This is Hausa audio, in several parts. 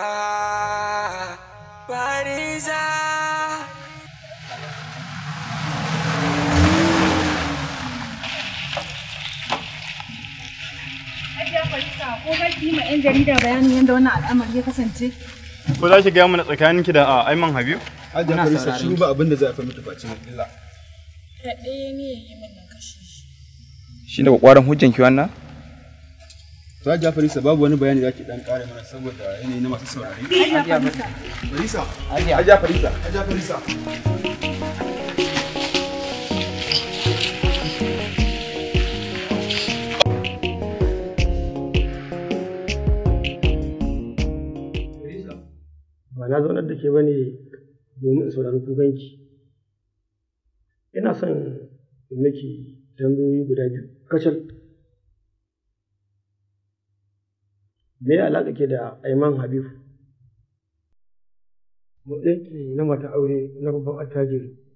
Fariza ko za ki ma 'yan jarida bayanin yadda wannan al'amari ya kasance? Ko za ki gaya mana da Aiman Habib? Ajiya Farisa shi ba abin da zai haifar face illa. ne ya yi mana kashe shi. Sa farisa babu wani bayani zaki dan kare mana saboda yanayi na masu saurari. Hajiya Farisa. Aja Farisa. Aja Farisa. Ba na zaunar da ke ba ne domin saurari kukanki. Ina son miki tambayoyi guda biyu kacal. me ya alaƙa ke da aiman habibu mu ɗinki na mata aure na babban attajiri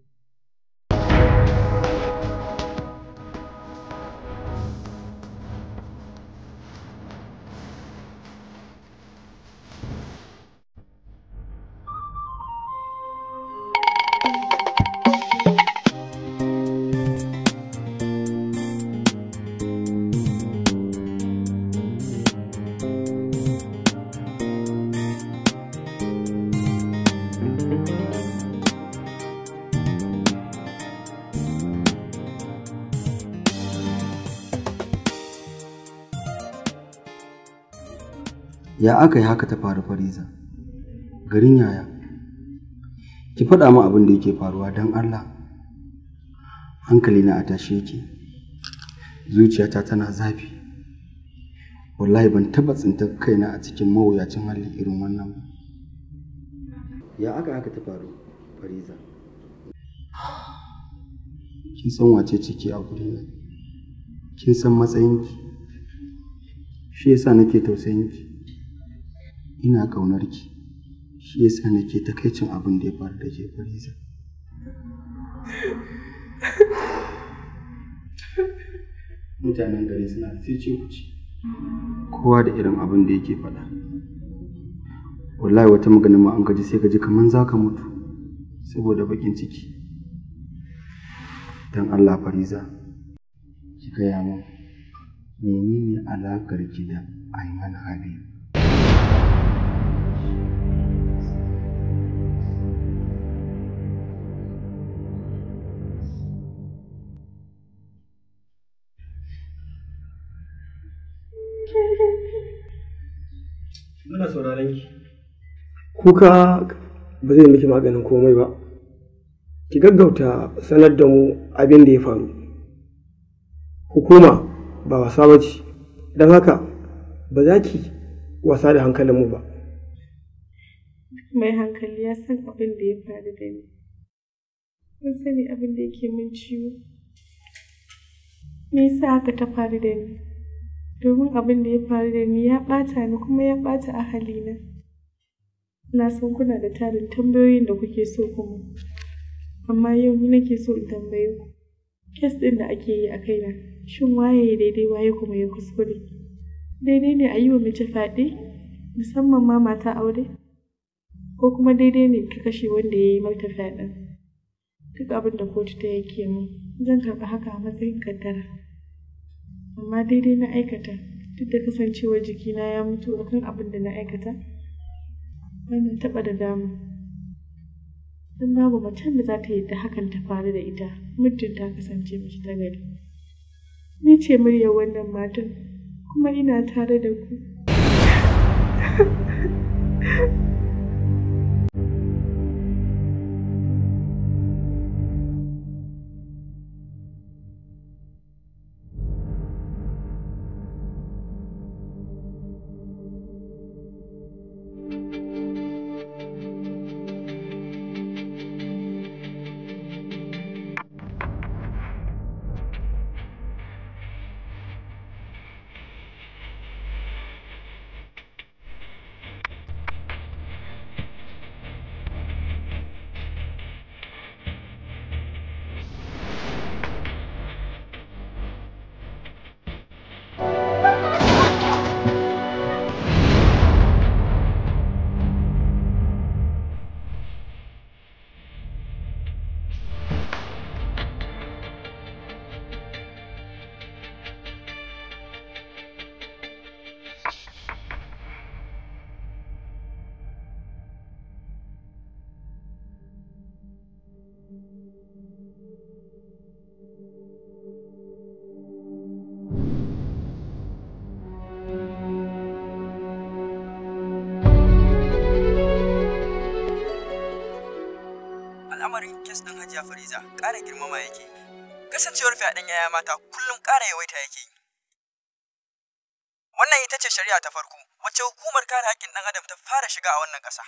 ya aka yi haka ta faru fariza garin yaya ki faɗa min abin da yake faruwa don allah hankali na a tashe yake zuciyata tana zafi wallahi ban taɓa tsintar kaina a cikin mawuyacin hali irin wannan ba ya aka haka ta faru fariza kin san wace ciki a gurina kin san matsayinki shi yasa nake tausayinki ina ƙaunar ki shi ya yasa nake takaicin abin da ya faru da ke Fariza. Mutanen gari suna cece ku ce, kowa da irin abin da yake faɗa. Wallahi wata magana ma an gaji sai gaji kamar za ka mutu saboda baƙin ciki. Don Allah Fariza, ki gaya min menene alaƙar ki da Aiman Habib? Muna sauraron ki. Kuka ba zai miki maganin komai ba. Ki gaggauta sanar da mu abin da ya faru. Hukuma ba wasa ba ce, don haka ba za ki wasa da hankalinmu ba. Mai hankali ya san abin da ya faru da ni. Kun sani abin da yake min ciwo. Me yasa haka ta faru da ni? domin abin da ya faru da ni ya ɓata ni kuma ya ɓata ahali Na san kuna da tarin tambayoyin da kuke so kuma, amma yau ni nake so in tambaye Kes ɗin da ake yi a kaina, shin waye ya daidai waye kuma ya kuskure? Daidai ne a yi wa mace fyaɗe, musamman ma mata aure? Ko kuma daidai ne ka kashe wanda ya yi mata fyaɗe? Duk abin da kotu ta yake min, zan karɓi haka a matsayin kaddara. amma daidai na aikata duk da kasancewar jikina ya mutu kan abin da na aikata wani taɓa da dama don babu macen da za ta yi da hakan ta faru da ita muddin ta kasance mace ta gari ni ce muryar wannan matan kuma ina tare da ku ƙara girmama yake kasancewar fyaɗen yaya mata kullum ƙara yawaita yake yi wannan ita ce shari'a ta farko wacce hukumar kare haƙƙin ɗan adam ta fara shiga a wannan ƙasa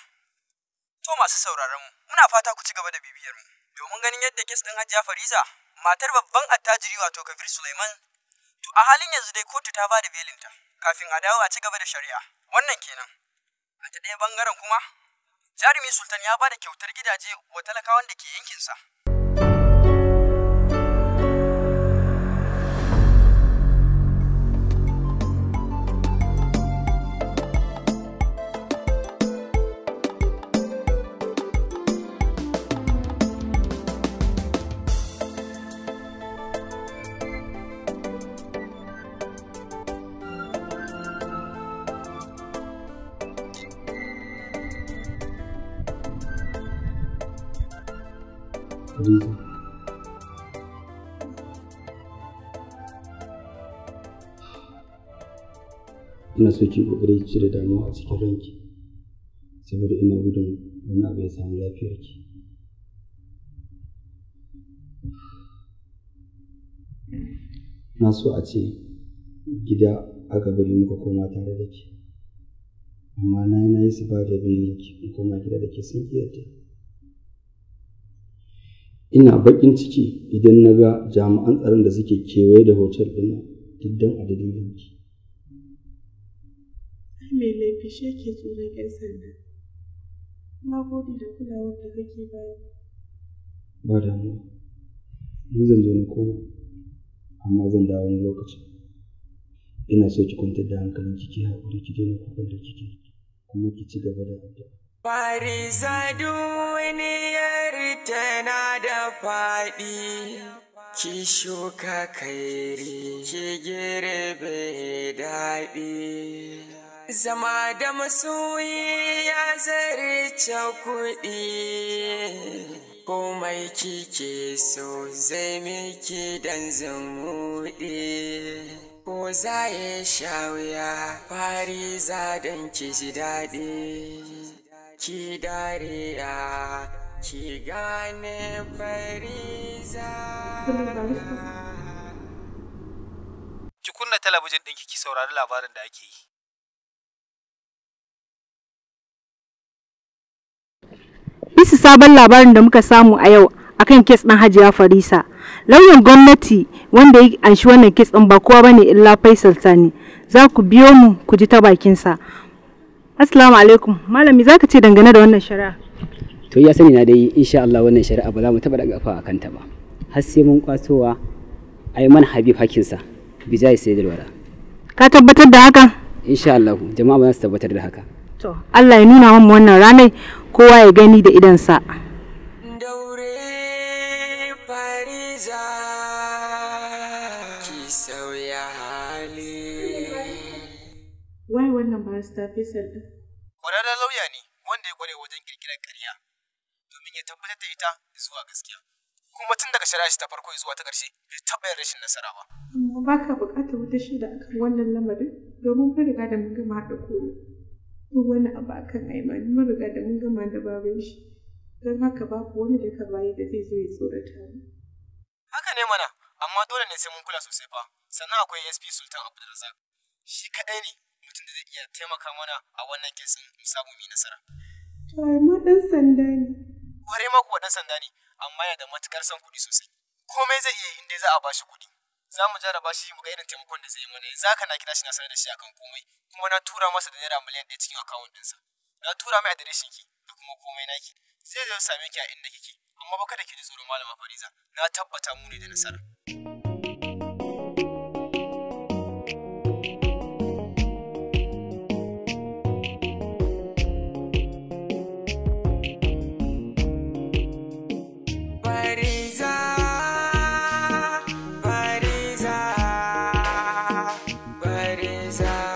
to masu sauraron mu muna fata ku ci gaba da bibiyar mu domin ganin yadda kes ɗin hajiya fariza matar babban attajiri wato kabir suleiman to a halin yanzu dai kotu ta ba da belinta kafin a dawo a ci gaba da shari'a wannan kenan a ta ɗaya bangaren kuma jarumi sultan ya ba da kyautar gidaje wa talakawan da ke yankinsa. reason. Ina so ki kokari cire damuwa a cikin ranki saboda ina gudun wani abu ya samu lafiyarki. Na so a ce gida aka bari muka koma tare da ke, amma na yi na yi su ba da bilinki in koma gida da ke sun ƙiyata. ina bakin ciki idan na ga jami'an tsaron da suke kewaye da hotel ɗin diddan a dalilinki. Mai laifi shi ke tsoron 'yan sanda. Na gode da kulawar da kake bayar. Ba damuwa. Ni zan zo na koma, amma zan dawo wani lokacin. Ina so ki kwantar da hankalinki ki haƙuri ki daina kukan da kike kuma ki ci gaba da addu'a. fariza duniyar tana da faɗi, ki shuka kairi, ki girbe daɗi. Zama da masoyi ya zarce kuɗi, komai kike so zai miki dan zumuɗi. Ko za ya sha wuya, fari don ki ji daɗi. ki dariya ki gane farisa. ki kunna talabijin ɗinki ki saurari labarin da ake yi bisa sabon labarin da muka samu a yau akan kes ɗin hajiya farisa lauyan gwamnati wanda ya anshi wannan kes ɗin ba kowa bane illa faisal sani za ku biyo mu ku ji ta bakinsa Assalamu alaikum. Malami za ka ce dangane da wannan shari'a? To ya sani na dai insha Allah wannan shari'a ba za mu taɓa daga a kanta ba. Har sai mun kwasowa Ayman Habib hakinsa bijai sai dalwara. Ka tabbatar da haka? Insha Allah jama'a ba za su tabbatar da haka. To Allah ya nuna mu wannan ranai kowa ya gani da idan sa. wannan barista Faisal ɗin. Kwararren lauya ne wanda ya kware wajen kirkirar ƙarya domin ya tabbatar da ita zuwa gaskiya. Kuma tun daga shari'a ta farko zuwa ta ƙarshe bai taɓa yin rashin nasara ba. Amma ba ka buƙatar wata shaida akan wannan lamarin domin mun riga da mun gama haɗa koro. Duk wani abu akan aimani mun riga da mun gama da baban shi. Don haka babu wani da ka bayi da zai zo ya tsorata mu. Haka ne mana, amma dole ne sai mun kula sosai ba, Sannan akwai SP Sultan Abdulrazak. Shi kaɗai ne mutum da zai iya taimaka mana a wannan kesin mu samu mu nasara. To amma ɗan sanda ne. Ware ma kuwa ɗan sanda ne amma yana da matuƙar son kuɗi sosai. Komai zai iya inda za a bashi kuɗi. Za mu jarraba shi mu ga irin taimakon da zai yi mana yanzu haka na kira shi na sanar da shi akan komai kuma na tura masa da naira miliyan ɗaya cikin akawun ɗinsa. Na tura mai adireshin ki da kuma komai naki. Zai zo same ki a inda kike amma ba da ki ji tsoron malama Fariza na tabbata mu ne da nasara. har za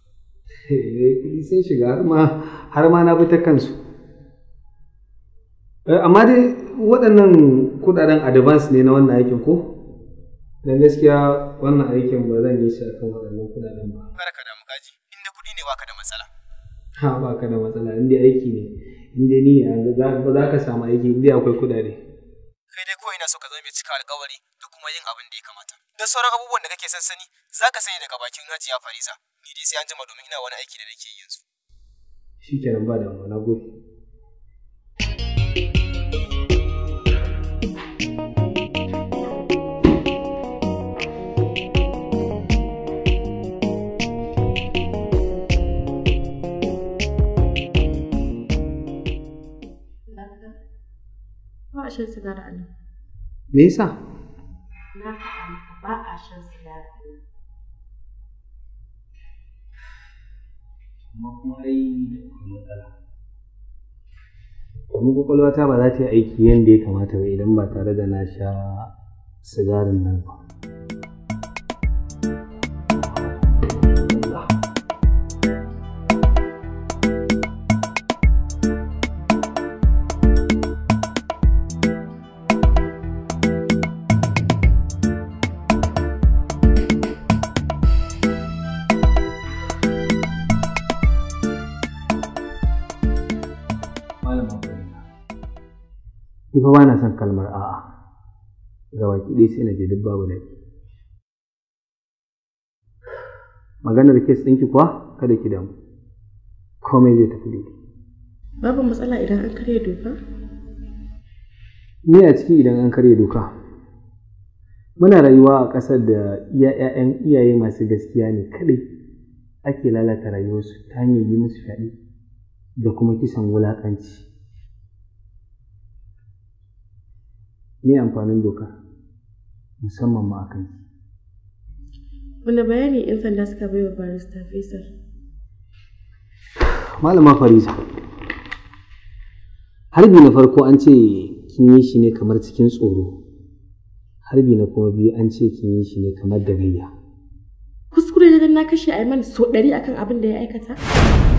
Eh, sun shiga har ma na bi ta kansu eh, amma dai waɗannan kudaden advance ne na wannan aikin ko dan gaskiya wannan aikin ba zan yi shi akan waɗannan kudaden ba barka da mukaji inda kuɗi ne baka da matsala ha baka da matsala inda aiki ne inda ni ba za ka samu aiki inda akwai kuɗaɗe kai dai kawai ina so ka zama mai cika alƙawari da kuma yin abin da ya kamata da sauran abubuwan da kake sansani, za ka sanya daga bakin hajiya fariza ni dai sai an jima domin ina wani aiki da nake yi yanzu shikenan ba damuwa na gode Ba a shan sigara nan. Me yasa? Na ba a shan amma kuma ai da matsala domin ba za ta yi aiki yadda ya kamata ba idan ba tare da na sha sigarin nan ba Ifa ba na son kalmar a'a. Ga baki ɗaya sai na je duk babu laifi Maganar kes ɗinki kuwa kada ki damu. Komai zai tafi daidai. Babu matsala idan an karya doka? Ni a ciki idan an karya doka. Muna rayuwa a ƙasar da iya iyaye masu gaskiya ne kaɗai. ake lalata rayuwarsu ta hanyar yi musu fyaɗe da kuma kisan wulaƙanci me amfanin doka musamman ma akan wani bayani in sanda suka bai wa barista faisal malama farisa harbi na farko an ce kin yi shi ne kamar cikin tsoro harbi na kuma biyu an ce kin yi shi ne kamar da gayya kuskure da na kashe aiman so ɗari akan abin da ya aikata